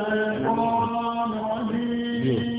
الشيطان الرجيم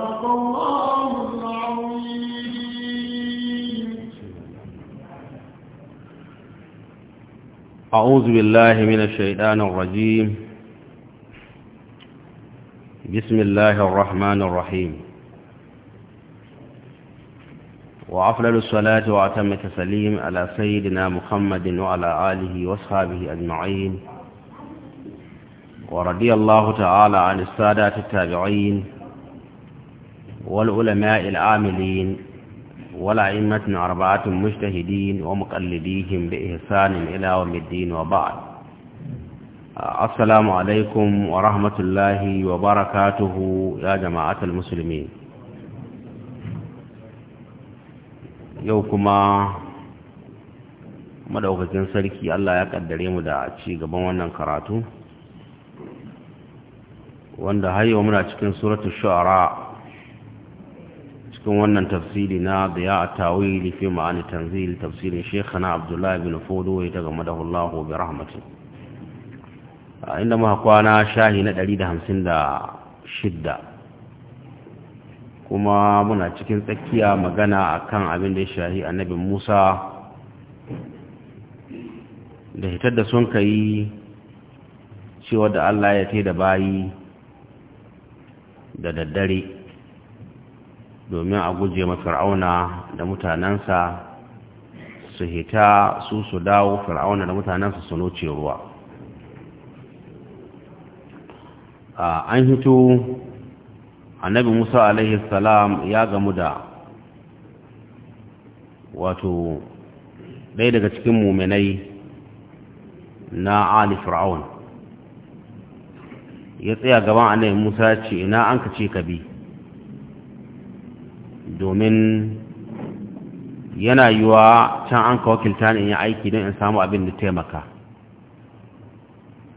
صدق الله العظيم أعوذ بالله من الشيطان الرجيم بسم الله الرحمن الرحيم وأفضل الصلاة وأتم التسليم على سيدنا محمد وعلى آله وأصحابه أجمعين ورضي الله تعالى عن السادات التابعين والعلماء العاملين والأئمة أربعة مجتهدين ومقلديهم بإحسان إلى يوم الدين وبعد السلام عليكم ورحمة الله وبركاته يا جماعة المسلمين يوكما madaukakin sarki Allah ya kaddare mu da ci gaban wannan karatu wanda har yau muna cikin suratul shu'ara cikin wannan tafsiri na da ya tawili fi ma'ani tanzil tafsirin na abdullahi bin fodo ya daga game da bi rahmatin a inda muka kwana shahi na 156 kuma muna cikin tsakiya magana akan abin da ya shahi annabi musa da hitar da sun kai cewa da allah ya ce da bayi da daddare domin a guje ma fir'auna da mutanensa su hita su su dawo fir'auna da mutanensa su noce ruwa an hito annabi musa alaihi salam ya gamu da wato ɗaya daga cikin muminai na ali fir'aun ya tsaya gaban annabi musa ce ina an ka ce ka bi domin yana yiwa can an kawo wakilta ni in yi aiki don in samu abin da taimaka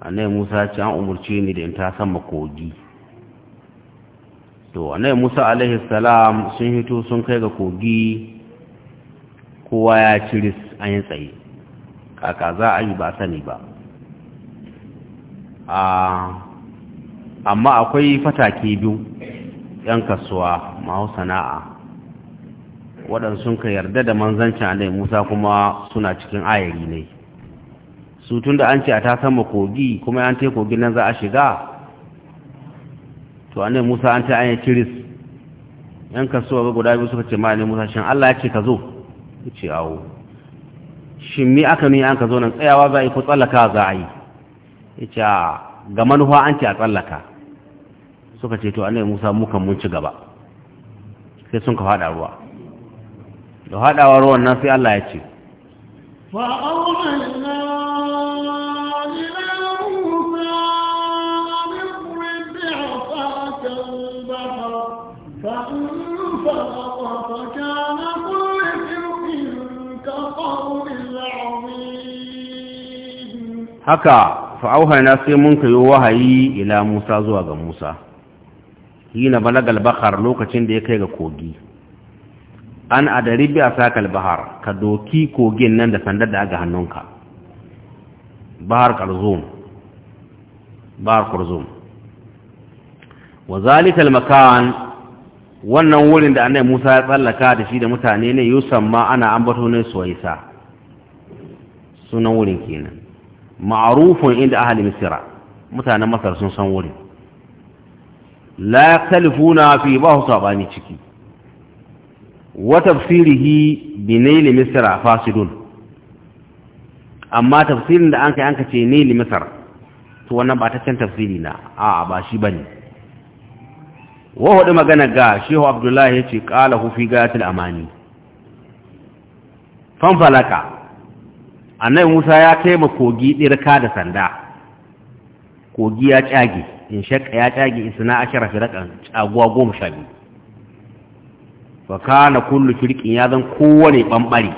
annai musa ce an umarci ni da in ta sama kogi to annai musa alaihissalam sun hito sun kai ga kogi kowa ya ciris an yi tsaye kaka za a yi ba sani ba amma akwai fatake biyu 'yan kasuwa mahu sana'a waɗanda sun ka yarda da manzancin annabi Musa kuma suna cikin ayari ne su tun da an ce a ta sama kogi kuma an te kogin nan za a shiga to annabi Musa an ta an kiris yan kasuwa ga guda biyu suka ce ma annabi Musa shin Allah ya ce ka zo ya ce awo shin mi aka nuni an ka zo nan tsayawa za a yi ko tsallaka za a yi ya ce ga manufa an ce a tsallaka suka ce to annabi Musa mukan mun ci gaba sai sun ka faɗa ruwa to haɗawa ruwan nan sai Allah ya ce haka na sai mun kai wahayi ila Musa zuwa ga Musa na balagal bakar lokacin da ya kai ga kogi an adari bi sakal bahar ka doki kogin nan da sandar da aga hannunka bahar karzum bahar karzum wa zalikal makan wannan wurin da annabi Musa ya tsallaka da shi da mutane ne ma ana ambato ne suwaisa sunan wurin kenan Ma'arufin inda ahli misra mutanen masar sun san wurin la yaktalifuna fi ba su sabani ciki wa tafsirihi bi nail misra fasidun amma tafsirin da an kai an kace nail misra to wannan ba ta can tafsiri na a ba shi bane wa hudu magana ga shehu abdullahi yace qala hu fi gayatil amani fanfalaka annabi musa ya taima kogi dirka da sanda kogi ya cage in shakka ya cage isna ashara firakan aguwa goma sha biyu wa kana kullu firqin ya zan kowane bambare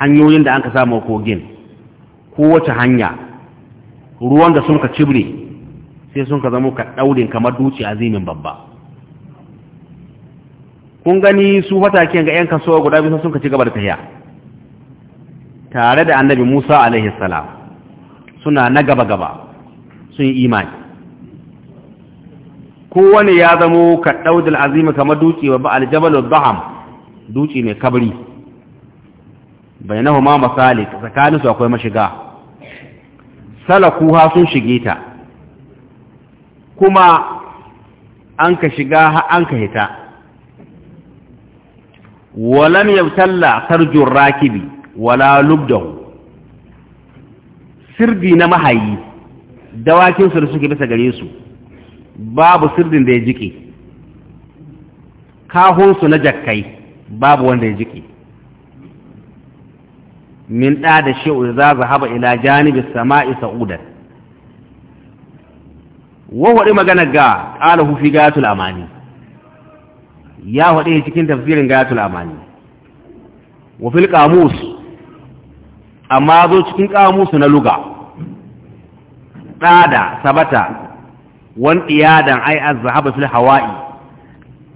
hanyoyin da an ka samu kogin kowace hanya ruwan da sun ka cibre sai sun ka zama ka daurin kamar duci azimin babba kun gani su fataken ga yan kasuwa guda biyu sun ka ci gaba da tafiya tare da annabi Musa alaihi salam suna na gaba gaba sun yi imani kowane ya zamo ka daudul azima kamar duci wa ba'al jabalud Baham, duci mai kabri bainahuma masalik tsakanin su akwai mashiga salakuha sun shige ta kuma an ka shiga an ka hita walam talla sarjur rakibi wala lubdahu sirdi na mahayi dawakin su da suke bisa gare su babu sirrin da ya jike kahunsu na jakkai babu wanda ya jike min ɗa da shi'u za za haɓa ila janibi sama'i sa'udar wawaɗi magana ga ƙalahu fi gayatul amani ya waɗe cikin tafsirin gayatul amani wa fil ƙamus amma zo cikin ƙamusu na luga ɗada sabata wan iyadan ay az fil hawa'i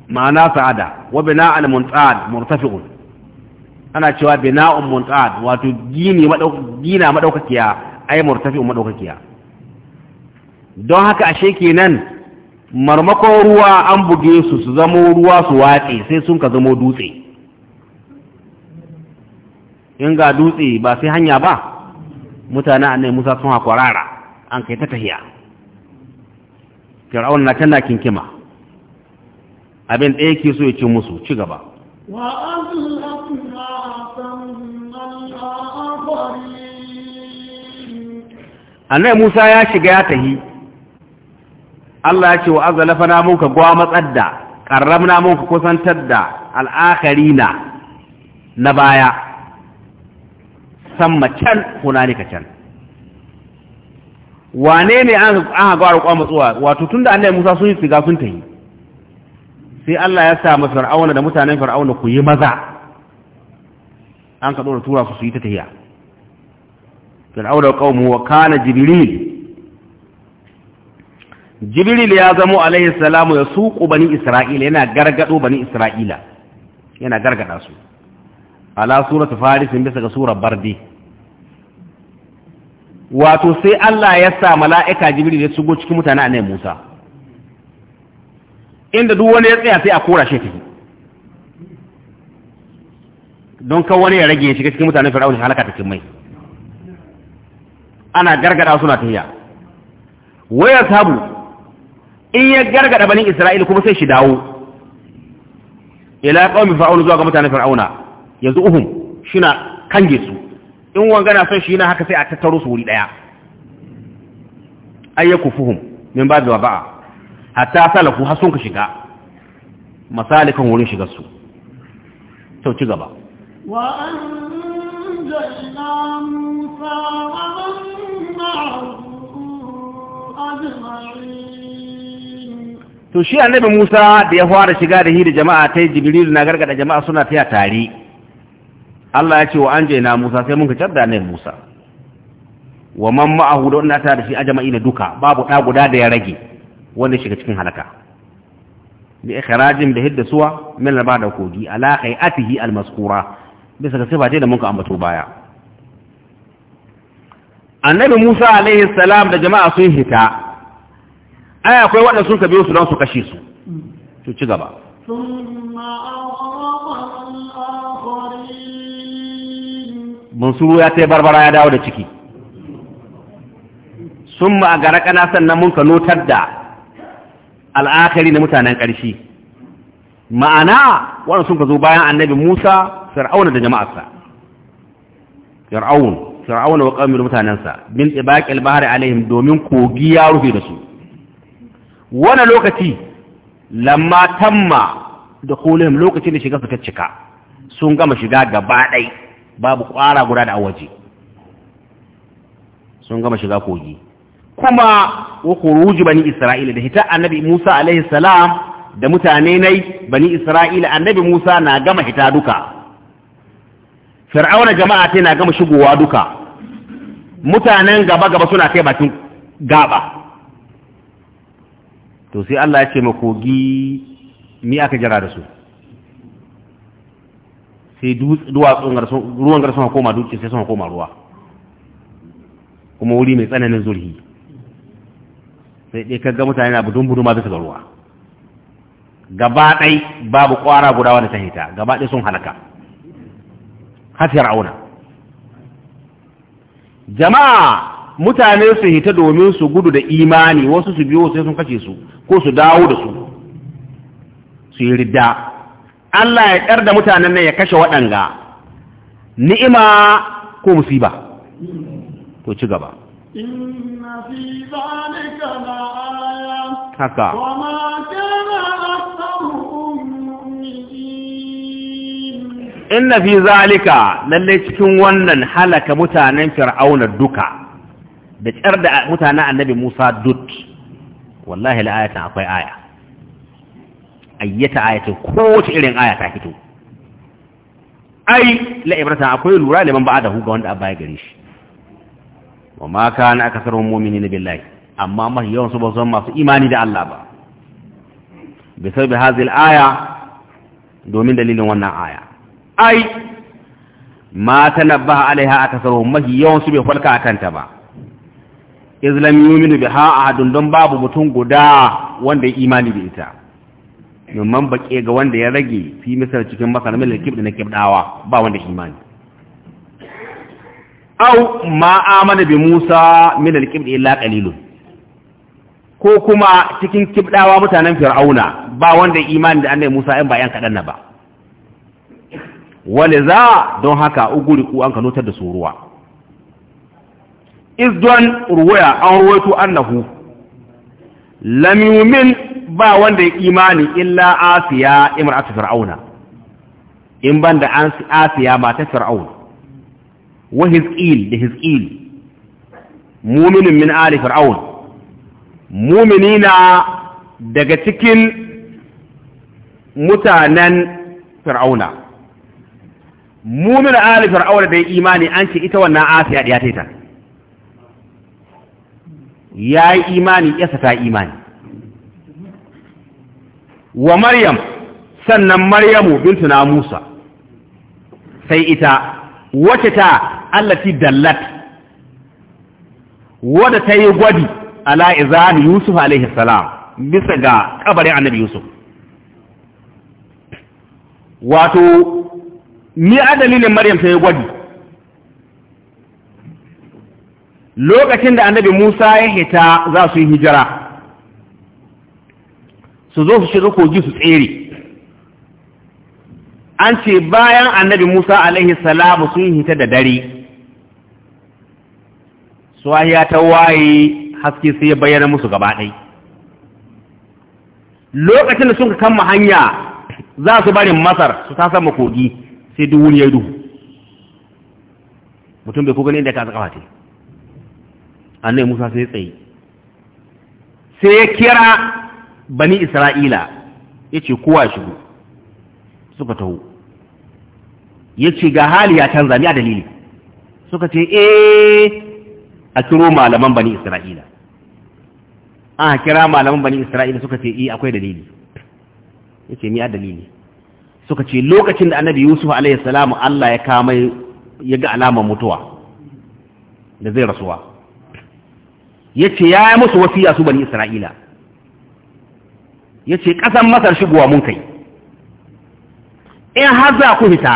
ma'ana sa'ada wa bina'al munqad murtafi'un ana cewa bina'un munqad wato gini gina madaukakiya ay murtafi'un madaukakiya don haka ashe kenan marmakon ruwa an buge su su zamo ruwa su watse sai sun ka zamo dutse in ga dutse ba sai hanya ba mutane annai musa sun hakwarara an kai ta tahiya fir'aun na tana kinkima abin ɗaya ke so ya ci musu ci gaba annai musa ya shiga ya tahi Allah ya ce wa azalafa na muka gwamatsar da ƙarramna muka kusantar da al'akari na na baya samma can ka can wane ne an haga a roƙon matsuwa wato tun da annabi musa sun yi siga sun tayi sai allah ya sa masu fir'auna da mutanen fara'auna ku yi maza an ka da tura su su yi ta tahiya fir'auna qaumu wa kana jibril jibril ya zamo alaihi salamu ya suku bani isra'ila yana gargado bani isra'ila yana gargada su ala suratu farisin bisa ga surar bardi wato sai Allah ya sa mala'ika da ya shigo cikin mutane a nan Musa inda duk wani ya tsaya sai a kora shi tafi don kan wani ya rage ya shiga cikin mutanen fir'aun ya halaka cikin mai ana gargada suna tafiya waya sabu in ya gargada banin Isra'ila kuma sai shi dawo ila qaumi fir'aun zuwa ga mutanen fir'auna yanzu uhum shina kange su in wanga na son shi na haka sai a tattaro su wuri daya ayyaku fuhum min ba da ba'a hatta salaku har sun ka shiga masalikan wurin shigar su to ci gaba wa anzalna musa wa ajma'in to shi annabi Musa da ya fara shiga da hidda jama'a tai Jibril na gargada jama'a suna taya tare Allah ya ce wa an na Musa sai mun ka cadda ne Musa wa man ma'ahu da wannan ta da shi ajma'i na duka babu da guda da ya rage wanda shiga cikin halaka bi ikhrajin da hidda suwa min al ba'da kogi ala khayatihi al maskura bisa ga sifa da mun ka ambato baya annabi Musa alaihi salam da jama'a sun hita ai akwai wanda sun ka biyo su don su kashe su to ci gaba ثم أغرقنا الآخرين mansuru ya ta barbara ya dawo da ciki sun ma a gara kana sannan mun ka notar da al'akari na mutanen ƙarshe ma'ana waɗanda sun ka zo bayan annabi musa fir'auna da jama'arsa fir'aun fir'auna wa ƙaumin mutanensa bin tsibakil bahari alaihim domin kogi ya rufe da su wani lokaci lamma tamma da kulihim lokacin da shiga su ta cika sun gama shiga gaba ɗai babu kwara guda da waje sun gama shiga kogi kuma wa bani isra'ila da hita annabi Musa alaihi salam da mutane nai bani isra'ila annabi Musa na gama hita duka fir'auna jama'a ta na gama shigowa duka mutanen gaba gaba suna kai bakin gaba to sai Allah ya ce makogi ni aka jira da su sai ruwan gar sun koma dutse sai sun koma ruwa kuma wuri mai tsananin zurhi sai ɗai kaga mutane na budun budu ma bisa ga ruwa gaba ɗai babu ƙwara guda wanda ta hita gaba ɗai sun halaka hafiyar auna jama'a mutane su hita domin su gudu da imani wasu su biyo sai sun kace su ko su dawo da su su yi ridda Allah ya ƙar da mutanen nan ya kashe waɗanga ni'ima ko musiba to ci gaba haka inna fi zalika lalle cikin wannan halaka mutanen fir'auna duka da ƙyar da mutanen annabi musa dut wallahi la'ayatan akwai aya ayyata ko kowace irin aya ta fito ai la ibrata akwai lura liman ba'adahu ga wanda abba ya gare shi wa ma kana akasarun mu'minin billahi amma mafi yawan su ba zan masu imani da Allah ba bi sabbi hadhihi al-aya domin dalilin wannan aya ai ma tanabbaha alaiha kasar mafi yawan su bai farka a ta ba iz lam yu'minu biha ahadun don babu mutum guda wanda ya imani da ita mimman baƙe ga wanda ya rage fi misal cikin masar mil kib da na kibdawa ba wanda imani au ma amana bi Musa min al-kibd illa qalilun ko kuma cikin kibdawa mutanen Fir'auna ba wanda imani da Annabi Musa 'yan ba yan kaɗan na ba za don haka uguri ku an kanotar da suruwa izdon ruwaya an ruwaito annahu lam yumin ba wanda ya imani illa asiya imratu fir'auna in banda an asiya mata fir'auna wa hizqil da hizqil mu'minun min ali fir'aun mu'minina daga cikin mutanen fir'auna mu'min ali fir'auna da ya imani an ce ita wannan asiya da ya taita yayi imani yasa ta imani wa maryam sannan maryamu bintu na musa sai ita wacce ta allati dallat wadda ta yi gwadi ala izan yusuf alaihi salam bisa ga kabarin annabi yusuf wato ni a dalilin maryam ta yi gwadi lokacin da annabi musa ya hita za su yi hijira su zo su shiga kogi su tsere an ce bayan annabi musa alaihi salamu sun hita da dare suwahiya ta waye haske sai ya bayyana musu gaba ɗai lokacin da sun kama hanya za su bari masar su ta sama kogi sai duhun ya duhu mutum bai kogani inda ka zaka fate annabi musa sai tsaye sai ya kira bani isra'ila ya ce kowa shigo suka taho ya ce ga hali ya canza ni a dalili suka ce eh a kiro malaman bani isra'ila an kira malaman bani isra'ila suka ce eh akwai dalili ya ce ni a dalili suka ce lokacin da annabi yusuf alaihi allah ya kama ya ga alamar mutuwa da zai rasuwa ya ce ya yi musu wasiya su bani isra'ila ya ce ƙasan masar shigowa mun kai in har za ku hita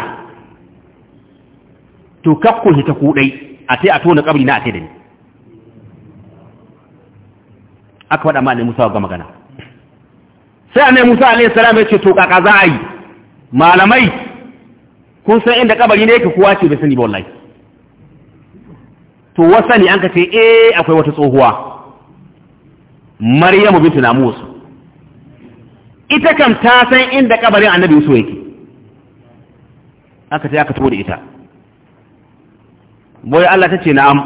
to kak ku hita ku ɗai a ta a tona ƙabri na a ta da ni aka faɗa ma'anin musa ga magana sai annai musa alaihi salam ya ce to ƙaƙa za a yi malamai kun san inda ƙabari ne yake kuwa ce bai sani ba wallahi to wasani an ka ce eh akwai wata tsohuwa maryamu bintu namus ita kam ta san inda kabarin annabi Yusuf yake aka ce aka tafi da ita boye Allah ta ce na'am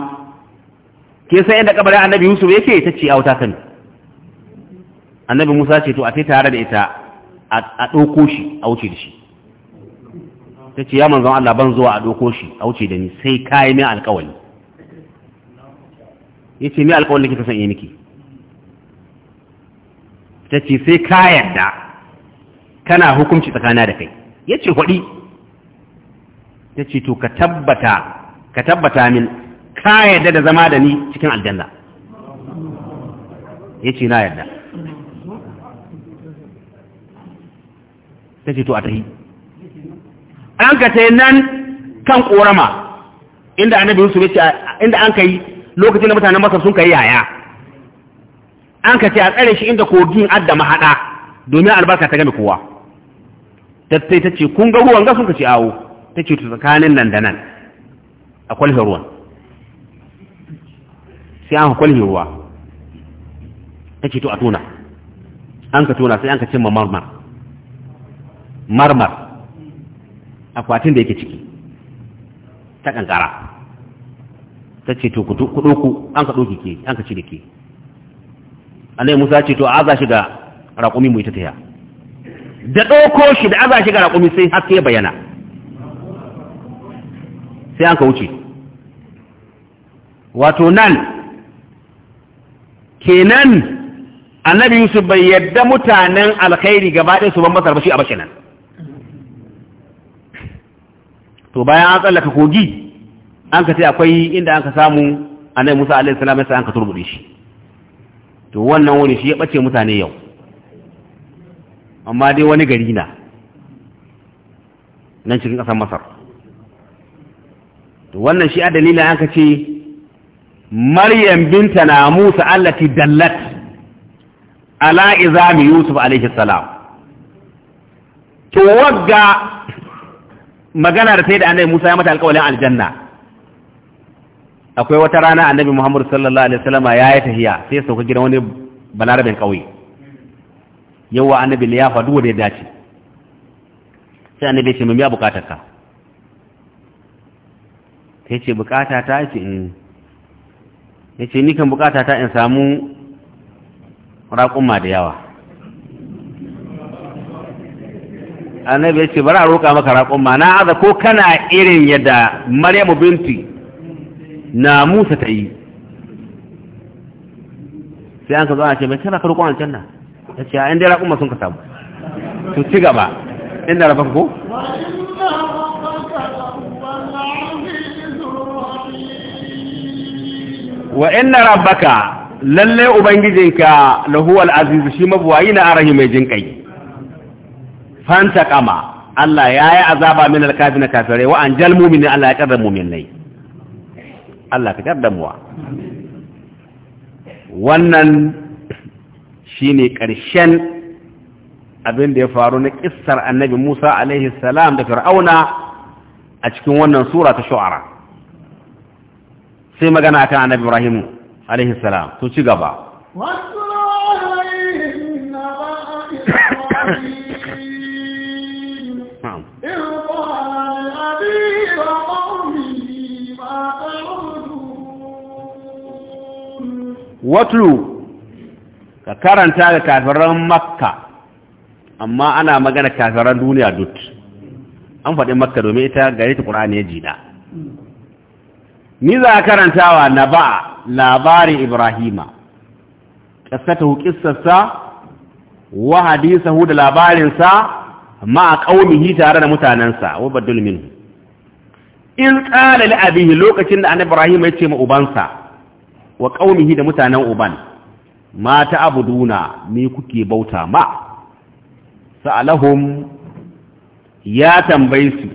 ke san inda kabarin annabi Yusuf yake ta ce auta kan annabi Musa ce to a tare da ita a ɗauko shi a wuce da shi ta ce ya manzon Allah ban zuwa a ɗauko shi a wuce da ni sai kayi min alƙawari ya ce ni alƙawarin kika san yi miki ta ce sai ka yarda kana hukunci tsakana da kai ya ce hudi ta ce to ka tabbata ka tabbata min ka yarda da zama da ni cikin aljanna ya ce na yarda ta ce to a tahi an ka ta nan kan korama inda annabi yusuf ya ce inda an kai lokacin da mutanen masar sun kai yaya an ka ce a tsare shi inda kogin adda mahaɗa domin albarka ta gami kowa tattai ta ce kun ga ruwan ga ka ce awo ta ce tsakanin nan da nan a kwalhe ruwan sai an kwalhe ruwa ta ce to a tona an ka tona sai an ka cimma marmar marmar akwatin da yake ciki ta kankara ta ce to ku ɗauku an ka ɗauki ke an ka ci da ke annabi Musa ce to aza shi ga raƙumi mu ita taya da ɗauko shi da aza shi ga raƙumi sai haske ya bayyana sai an ka wuce wato nan kenan annabi Yusuf bai yadda mutanen alkhairi gaba ɗaya su ban masar ba shi a bashi nan to bayan an tsallaka kogi an ka ce akwai inda an ka samu annabi Musa alaihi salam sai an ka turbu shi to wannan wuri shi ya ɓace mutane yau amma dai wani gari na nan cikin ƙasar masar to wannan shi a dalilin ka ce maryam binta na musa allati dallat ala izami yusuf alaihi salam to wagga magana da sai da annabi musa ya mata alƙawalin aljanna akwai wata rana annabi Muhammad sallallahu alaihi wasallama ya yi tahiya sai sauka gidan wani balarabin kauye yawa annabi ne ya faɗi wanda ya dace sai annabi ya ce mun ya bukatar ka sai ce bukata ta ce in ya ce kan bukata ta in samu raƙumma da yawa annabi ya ce bari a roƙa maka raƙumma na aza ko kana irin yadda maryamu binti na musa ta yi sai an ka zo a ce mai tana ka roƙon na. ta ce a inda raƙon sun ka samu su ci gaba inda rabon ko wa inna rabbaka lalle ubangijinka lahuwal azizu shi mabuwayi na arahi mai jin kai fanta kama Allah ya yi azaba min alkafi na kafirai wa an jalmumi mumin Allah ya kadar mumin lai Allah ka kaddamuwa wannan shine ƙarshen abin da ya faru na kissar annabi Musa alaihi salam da Fir'auna a cikin wannan sura ta Shu'ara sai magana kan annabi Ibrahim alaihi salam to ci gaba wasu watlu ka karanta ga kafiran makka amma ana magana kafiran duniya duk an faɗi makka domin ita gare ta ƙura ne jina ni za a karantawa na ba labarin ibrahima ƙasatahu hukistarsa wa hu da labarinsa ma a ƙaunihi tare da mutanensa wa baddul in ƙalali abihi lokacin da an ibrahima ya ce ma ubansa wa ƙaunihi da mutanen uban mata abuduna ne kuke bauta ma sa’alahun ya tambayi su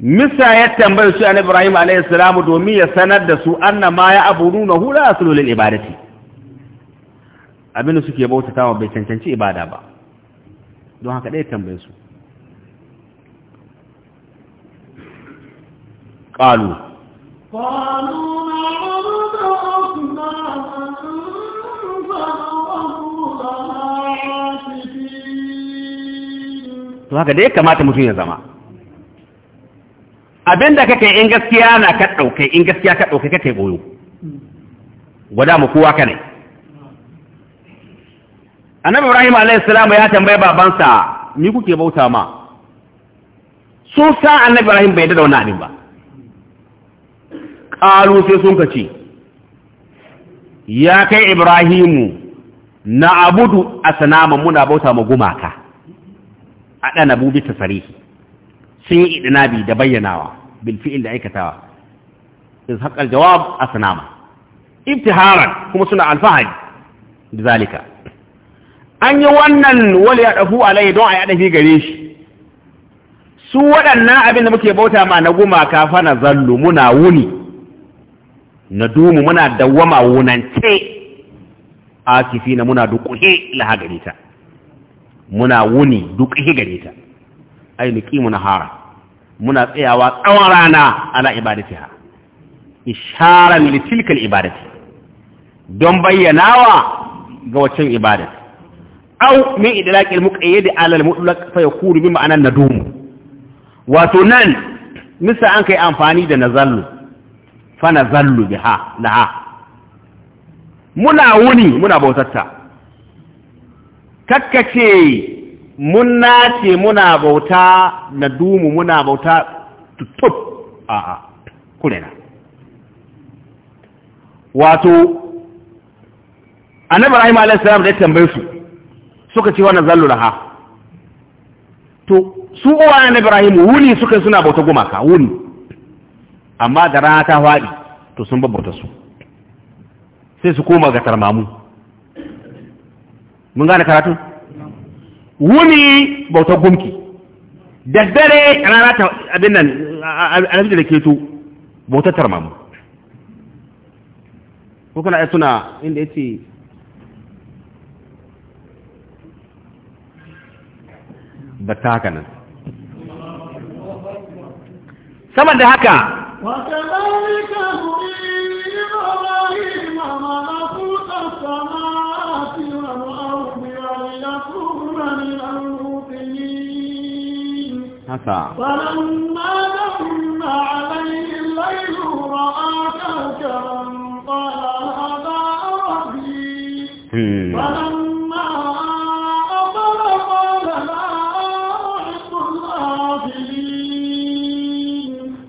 misa ya tambayi su an ibrahim a.s. domin ya sanar da su na ma ya abuduna hula a sulolin ibadati abinda suke ta wa bai cancanci ibada ba don haka ɗaya tambayi su ƙalu haka da ya kamata mutum ya zama abin da kake in gaskiya na ka ɗauke in gaskiya ka ɗauke kake goyo gwada mu kowa ka ne annabi ibrahim alayhi ya tambaye babansa ni kuke bauta ma sun sa annabi ibrahim bai da wannan abin ba qalu sai sun ka ce ya kai ibrahimu na abudu a sanaman muna bauta ma gumaka a ɗana bubi ta sarihi sun yi idinabi da bayyanawa bilfi'il da aikatawa is haƙar jawab a sanama ibtiharan kuma suna alfahari da zalika an yi wannan wali ya ɗafu alai don a yi gare shi su waɗannan abin da muke bauta ma na gumaka fa na zallu muna wuni na dumu muna dawwama wunance kifi na muna duƙuhe laha gare ta muna wuni duƙuhe gare ta ai muna hara, muna tsayawa tsawon rana ala ibadati ha isharar tilka ibadati don bayyana wa ga waccan ibada au mai idlaqil muqayyad ala al-mutlaq ya kuri bi ma'anar na dumu wato nan nisa an kai amfani da nazallu fana zallu biha laha muna wuni muna bautarta kakkace mun nace muna bauta na dumu muna bauta tutup a a kulena wato annabi rahim alayhi salam da tambaye su suka ce wannan zallu laha to su uwa annabi rahim wuni suka suna bauta gumaka wuni amma da rana ta faɗi to sun babbauta su sai su koma ga tarmamu mun gane karatu wuni bautar gumki da dare rana ta abin nan alhamdu da keto bautar tarmamu ko ya suna inda ce ba ta haka nan saboda haka وكذلك نري إبراهيم ملكوت السماوات والأرض وليكون من الموقنين فلما دم عليه الليل رأى كوكبا قال هذا ربي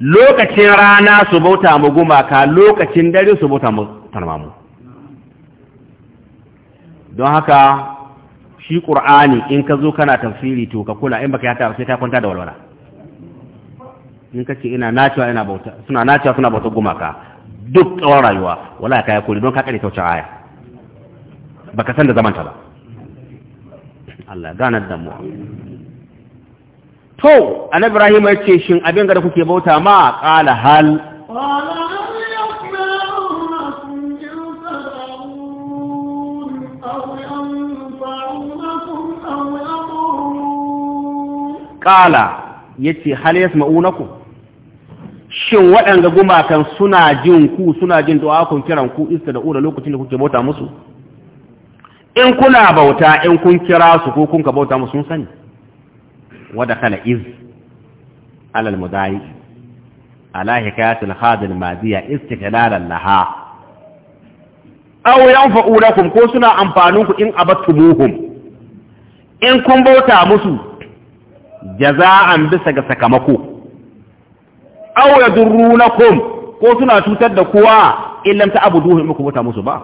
lokacin rana su bauta mu gumaka lokacin dare su bauta mu tarmamu don haka shi ƙur'ani in ka zo kana tafsiri to ka kula in baka ya ta sai ta kwanta da walwala in ka ce ina nacewa ina bauta suna nacewa suna bauta gumaka duk tsawon rayuwa wala ka ya kuli don ka kare kyautar aya baka san da zamanta ba Allah ganar da mu to annabi ibrahim ya ce shin abin da kuke bauta ma qala hal qala yace hal yasma'unakum shin waɗanda gumakan suna jin ku suna jin du'a kun kiran ku iska da ura lokacin da kuke bauta musu in kuna bauta in kun kira su ko kun ka bauta musu sun sani Waɗakala is halal mu da ala yake ya cika hadin maziya, istikraran laha. Auren Fa'unakun ko suna amfanin ku in a in kun bauta musu, da za an bi ga sakamako. Auren Durru na ko suna cutar da kowa illanta abu duhun in bauta musu ba,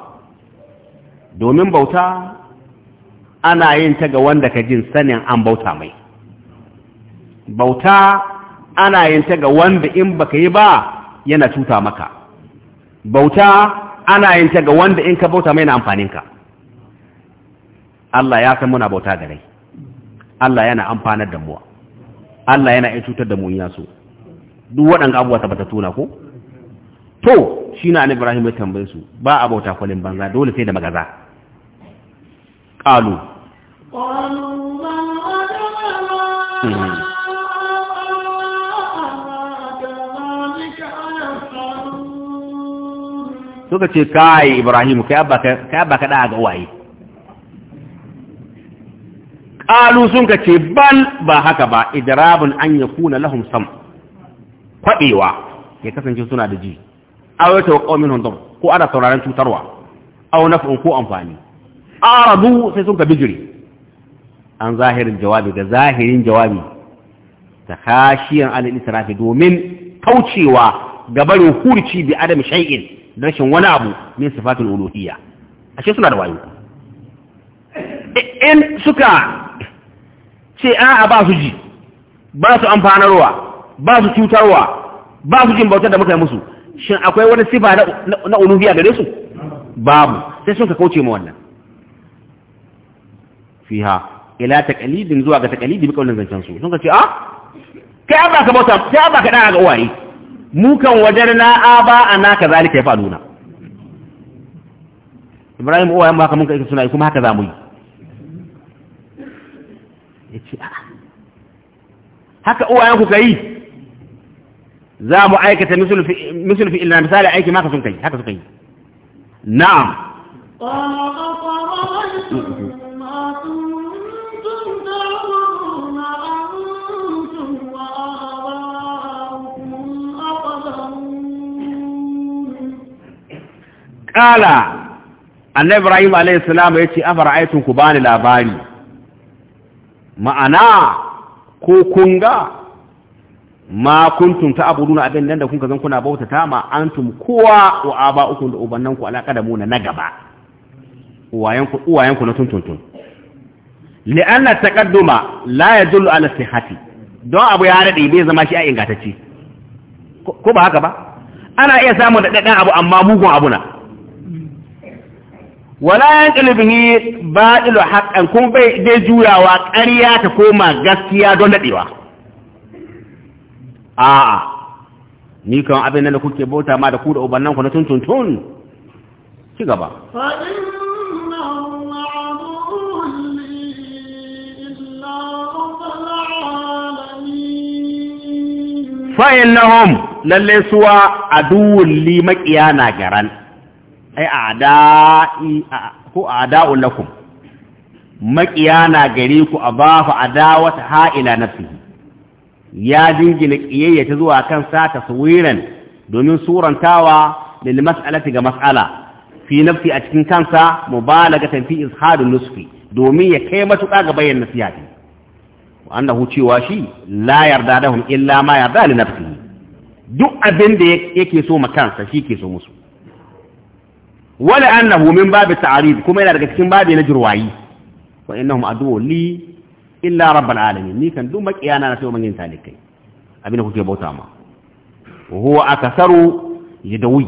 domin bauta ana yin ta ga wanda ka jin sanin an bauta mai. bauta ana yin ta ga wanda in baka yi ba yana cuta maka bauta ana yin ta ga wanda in ka bauta mai na amfaninka, Allah ya san muna bauta da rai Allah yana amfanar da mu Allah yana in cutar da mu ya so duk waɗanda abuwa ta bata tuna ko to shi na Ibrahim ya tambaye su ba a bauta kwalin banza dole sai da magaza ƙalu ƙalu ba suka ce kai ibrahimu kai abba ka da ga waye qalu sun ka ce bal ba haka ba idrabun an yakuna lahum sam kwaɗewa ya kasance suna da ji aw ta qawmin hundum ko ana sauraron cutarwa aw naf'un ko amfani aradu sai sun ka bijiri an zahirin jawabi ga zahirin jawabi ta khashiyan al-israfi domin kaucewa gabarin hurci bi adam shay'in da rashin wani abu min sifatul uluhiyya ashe suna da wayo in suka ce a'a ba su ji ba su amfanarwa ba su cutarwa ba su jin bautar da muka yi musu shin akwai wani sifa na uluhiyya gare su babu sai sun ka kauce ma wannan fiha ila taqalidin zuwa ga taqalidi bi kaulin zancen su sun ka ce a ah, kai an baka bauta sai an baka dana ga uwaye mukan wajen na aba ana kazalika zalika ya faluna ibrahim uwa yamma haka mun kai suna yi kuma haka zamu yi yace a haka uwa yanku kai zamu aikata mu fi misul fi illa misali aiki maka sun kai haka suka yi na'am ƙala annabi ibrahim alayhi salam ya ce afara aitun ku bani labari ma'ana ko kun ga ma kuntum ta abuduna abin nan da kun ka zan kuna bauta ta ma antum kowa wa aba uku da ubannan ku alaka da mu na gaba uwayen ku uwayen ku na tuntuntun li'anna taqadduma la yadullu ala sihhati don abu ya rade bai zama shi a ingatacce ko ba haka ba ana iya samun da dadan abu amma mugun abu na wala yanqil ba ilo haƙan kun bai dai juyawa ƙarya ta koma gaskiya don daɗewa. a'a ni kan abin nan da kuke bauta ma da ku da ubannan ku na tuntuntun ci gaba fa'in nahum lalle suwa aduwun li maƙiya na garan ai a'da'i ko a'da'u lakum na gare ku a bafa adawata ha'ila nafsihi ya jingina ƙiyayya ta zuwa kan sata suwiran domin surantawa lil mas'alati ga mas'ala fi nafsi a cikin kansa mubalagatan fi izhadu nusfi domin ya kai matuƙa ga bayan nasiha din annahu cewa shi la yarda dahum illa ma yarda li nafsihi duk abin da yake so ma kansa shi ke so musu wala annahu min babi ta'rid kuma yana daga cikin babi na jirwayi wa innahum adu li illa rabbil alamin ni kan duk makiyana na sai ubangin talikai abin da kuke bauta ma wa huwa akasaru yadawi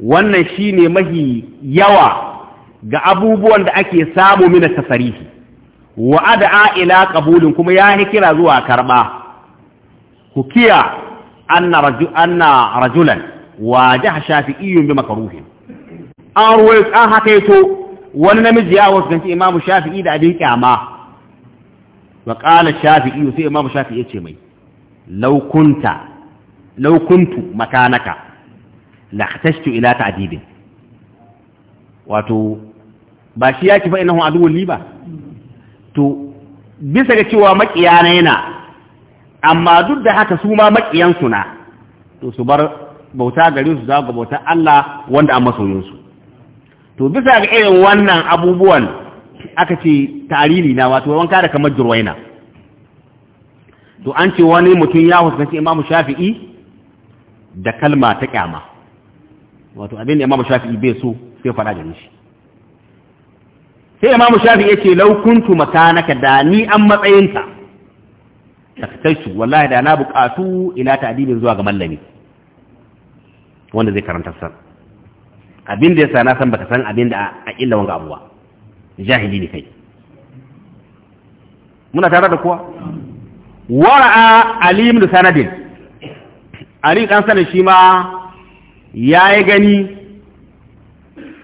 wannan shine mahi yawa ga abubuwan da ake samu mina tasarihi wa ad'a ila qabulin kuma ya yi kira zuwa karba hukiya anna anna rajulan wajaha shafi'iyyun bi makruhin an ruwai an hakaito wani namiji ya wasanci imamu shafi'i da abin kyama wa ƙala shafi'i sai imamu shafi'i ya ce mai laukunta laukuntu makanaka hatashtu ila ta'dibin wato ba shi yaki fa innahu aduwwul li ba to bisa ga cewa makiya na yana amma duk da haka su ma makiyan su na to su bar bauta gare su za ga bauta Allah wanda an masoyin su to bisa ga irin wannan abubuwan aka ce tarihi na wato wanka da kamar jurwaina to an ce wani mutum ya huskanci imamu shafi'i da kalma ta kyama wato abin da imamu shafi'i bai so sai faɗa da shi sai imamu shafi'i ya ce laukuntu makanaka da ni an matsayinka takataitu wallahi da na buƙatu ta adibin zuwa ga mallami wanda zai karanta sa abin da ya sa na san baka san abin da a illa wanga abuwa jahili ne kai muna tare da kowa wara'a alim da sanadin alim dan sanin shi ma yayi gani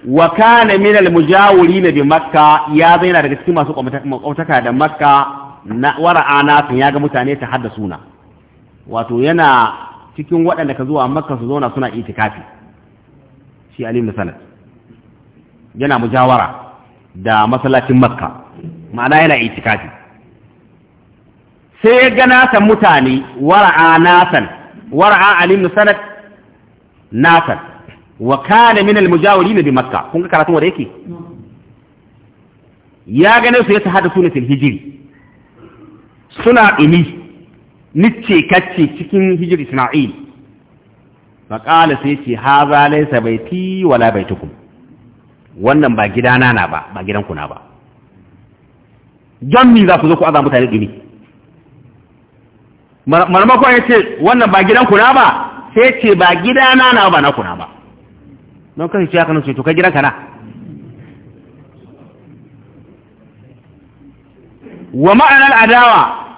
wa kana min al mujawirin bi makka ya zaina daga cikin masu kwamtaka da makka na wara'a na ya ga mutane ta suna, wato yana cikin waɗanda ka zuwa makka su zauna suna itikafi shi Ali ibn Sanad yana mujawara da masallacin Makka ma'ana yana itikafi sai ya ga nasan mutane wara'a nasan wara'a Ali da Sanad nasan wa kana min al-mujawirin bi Makka kun ga karatun wa yake ya gane su ya tahaddasu ne hijiri suna dumi nice kacce cikin hijiri Isma'il faƙala sai ce za laisa baiti wala baitukum wannan ba gidana na ba ba gidanku na ba jammi za ku zo ku aza mutane dumi marmakon ya ce wannan ba gidanku na ba sai ce ba gidana na ba na ku na ba don kasance haka nan sai to ka gidanka na wa ma'anar adawa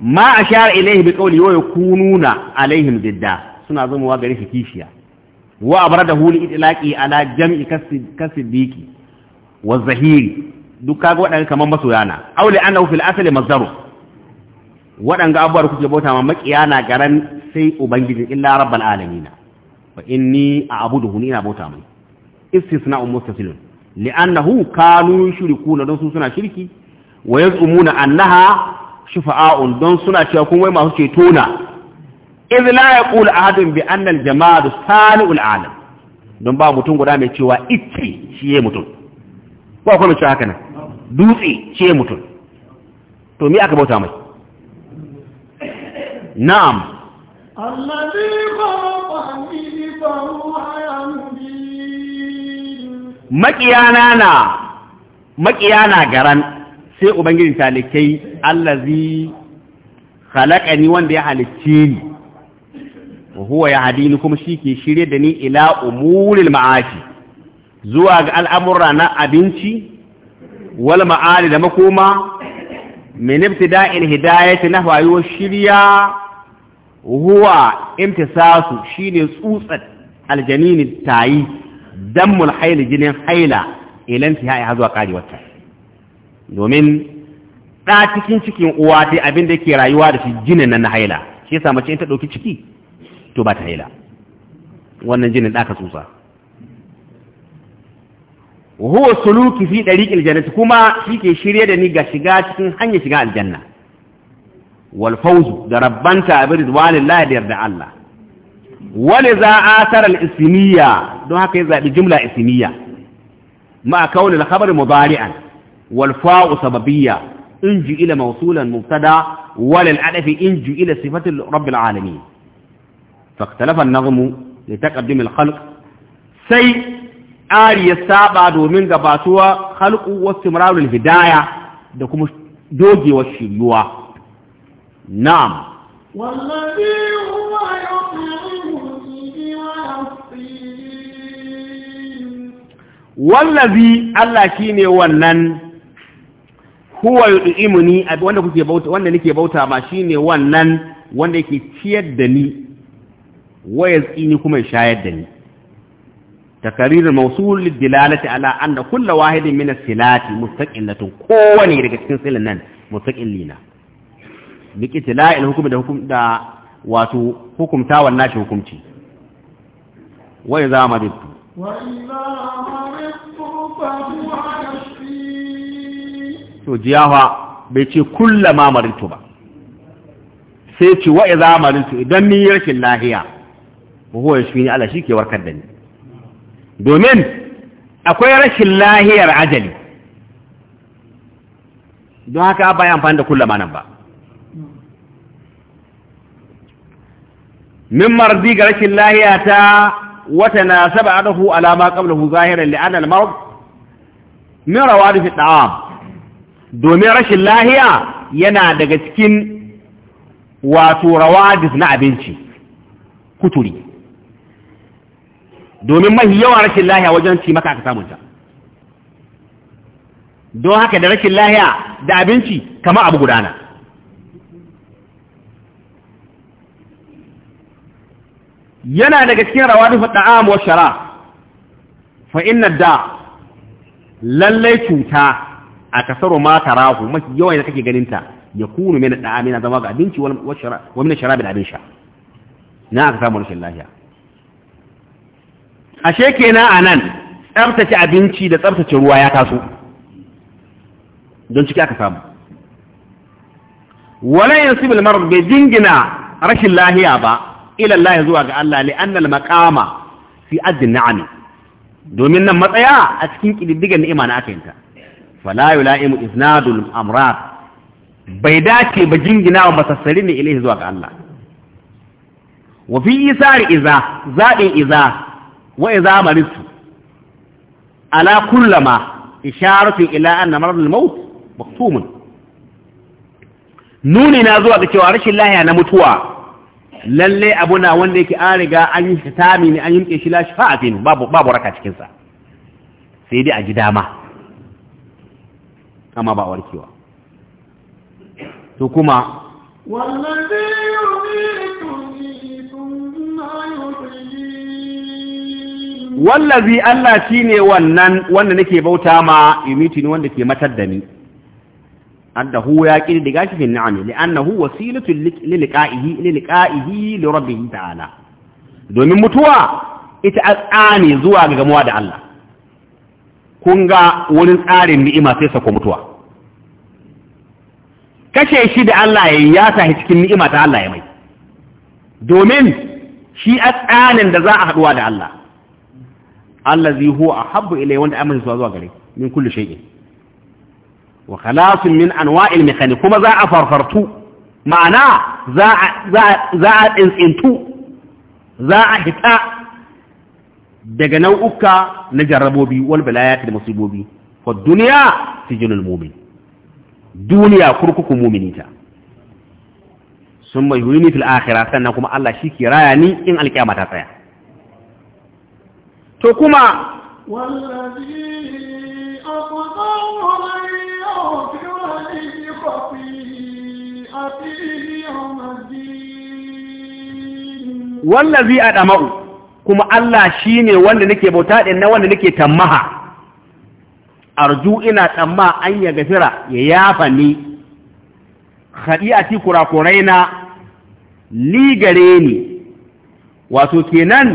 ma a shara ilaihi bi qawli wa yakununa alaihim didda suna zamowa gare shi kishiya wa abradahu li itlaqi ala jam'i kasiddiqi wa zahiri duk kaga wadanga kaman masoya na aw li annahu fil asli mazdaru wadanga abuwar kuke bauta ma makiya na garan sai ubangiji illa rabbal alamin fa inni a'buduhu ni ina bauta mai istisna'un mustasilun li'annahu kanu yushrikuna don su suna shirki wa yaz'umuna annaha shufa'a'un don suna cewa kun wai masu ceto na idh la yaqulu ahadun bi anna al sali'u sali'ul alam don ba mutum guda mai cewa itti shi ya mutum ko kuma cewa haka nan dutse shi ya mutum to me aka bauta mai na'am alladhi khalaqani fa huwa yahdi makiyana na makiyana garan sai ubangiji talikai halaƙa ni wanda ya halicce ni huwa yahdini kuma ke shirye da ni ila umuril ma'ashi zuwa ga al'amurra na abinci wal ma'ali da makoma min ibtida'il hidayati na wayo shirya huwa imtisasu shine tsutsar aljanini tayi dammul hayl jinin haila ilan ya zuwa karewar ta domin ɗa cikin cikin uwa sai abin da yake rayuwa da shi jinin nan na haila shi yasa mace in ta ɗauki ciki to ba ta haila wannan jinin ɗaka tsutsa huwa suluki fi ɗari jannati kuma shi ke shirye da ni ga shiga cikin hanyar shiga aljanna wal fawzu da rabbanta wani ridwanillahi da Allah wani za a tarar don haka ya zaɓi jimla isimiyya. ma a kawo da khabar mubari'an والفاء سببية انجي إلى موصولا مبتدا وللألف انجي إلى صفة رب العالمين فاختلف النظم لتقدم الخلق سي آري السابع دومين قباتوا خلق واستمرار الهداية دكم دوجي والشيوة نعم والذي هو يطعمني ويسقين والذي الله كيني ونن huwa yud'imuni wanda kuke bauta wanda nake bauta ma shine wannan wanda yake ciyar da ni waya tsini kuma shayar da ni takaririn mausul lidilalati ala anna kullu wahidin min as-silati mustaqillatun kowani daga cikin silin nan mustaqillina liqitila'il hukm da hukum da wato hukumta wannan shi hukunci waya zama bitu wa idha maridtu fa huwa yashfi to jiyawa bai ce kulla ma marintu ba sai ce wa iza marintu idan ni yi rashin lahiya ba huwa shi ne Allah shi ke warkar da ni domin akwai rashin lahiyar ajali don haka ba ya amfani da kulla ma nan ba min marzi ga rashin lahiya ta wata na saba عرفه على ما قبله ظاهرا لأن المرض من da الطعام domin rashin lahiya yana daga cikin wato rawadis na abinci kuturi domin mahi yawan rashin lahiya wajen ci maka aka samunta don haka da rashin lahiya da abinci kama abu gudana yana daga cikin rawa da'am wa shara fa'in da lallai cuta a kasaru ma tarahu mafi yawan da kake ganin ta ya kunu min na zama ga abinci wa min sharabi abin sha na aka samu rashin lafiya ashe kenan anan tsaftace abinci da tsabtace ruwa ya taso don ciki aka samu wala yansibu bi jingina rashin lahiya ba ila zuwa ga Allah li annal maqama fi addin ni'ami domin nan matsaya a cikin kididdigan ni'ima na aka yinta fala yula'imu isnadul amrat bai dace ba jingina wa masassari ne ilaihi zuwa ga Allah wa fi isar iza zaɓin iza wa iza marisu ala kullama isharatu ila anna maradul maut maktumun nuni na zuwa ga cewa rashin lahiya na mutuwa Lallai abu na wanda yake an riga an an yimke shi la shafa'atin babu raka sai dai a ji dama amma ba warkewa to kuma wallazi Allah shi ne wannan wanda nake bauta ma imiti ne wanda ke matar da ni hu ya daga shi fil ni'am li'annahu wasilatu liliqa'ihi liliqa'ihi li rabbihi ta'ala domin mutuwa ita tsane zuwa ga gamuwa da Allah kun ga wurin tsarin ni'ima sai sako mutuwa kashe shi da Allah ya yi ya tahi cikin ni'ima ta Allah ya mai domin shi a tsanin da za a haɗuwa da Allah Allah zai huwa a habbu ilai wanda amince zuwa zuwa gare min kullu shay'in wa khalasun min anwa'il mekani kuma za a farfartu ma'ana za a tsintsintu za a hita daga nau'uka na jarrabobi wal balayati da musibobi fa duniya sijinul mu'min duniya kurkuku mu'mini ta summa yuhini fil akhirah sannan kuma Allah shi ke raya ni in alƙiyama ta tsaya to kuma wallazi aqdahu an yaghfira li khati'ati wallazi adama'u kuma Allah shi ne wanda nake bauta ɗin na wanda nake tammaha arzu ina tsamma an ya gafira ya yafa ni ti kurakurai na ni gare ni wato kenan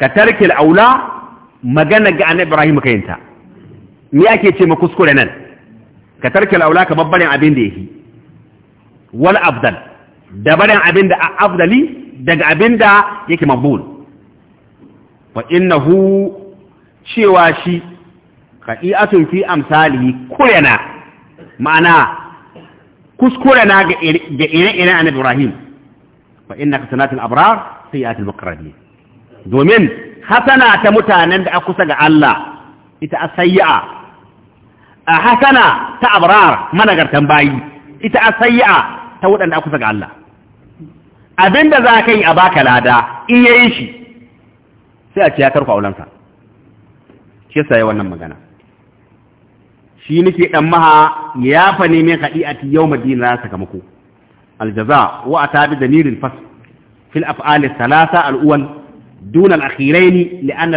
ka tarkil aula magana ga an Ibrahim kayanta, me ake ce ma kuskure nan ka tarkil aula ka babbarin abin da ya fi. wal abdal da barin abin da abdali. daga abin da yake mabul wa innahu cewa shi qati'atun fi amsalihi kurena ma'ana kuskurena ga ire-iren annabi Ibrahim wa inna hasanatul abrar sayyi'atul muqarrabin domin hasana ta mutanen da aka kusa ga Allah ita asayya a hasana ta abrar managartan bayi ita asayya ta waɗanda aka kusa ga Allah Abin da za ka yi a baka lada in yayi shi sai a ce ya karfa aulansa shi yasa wannan magana shi nake dan maha ya fa ne min qadi'ati yawm dina sakamako aljaza wa atabi damirin fas fil af'ali thalatha al-awwal dun al-akhirayn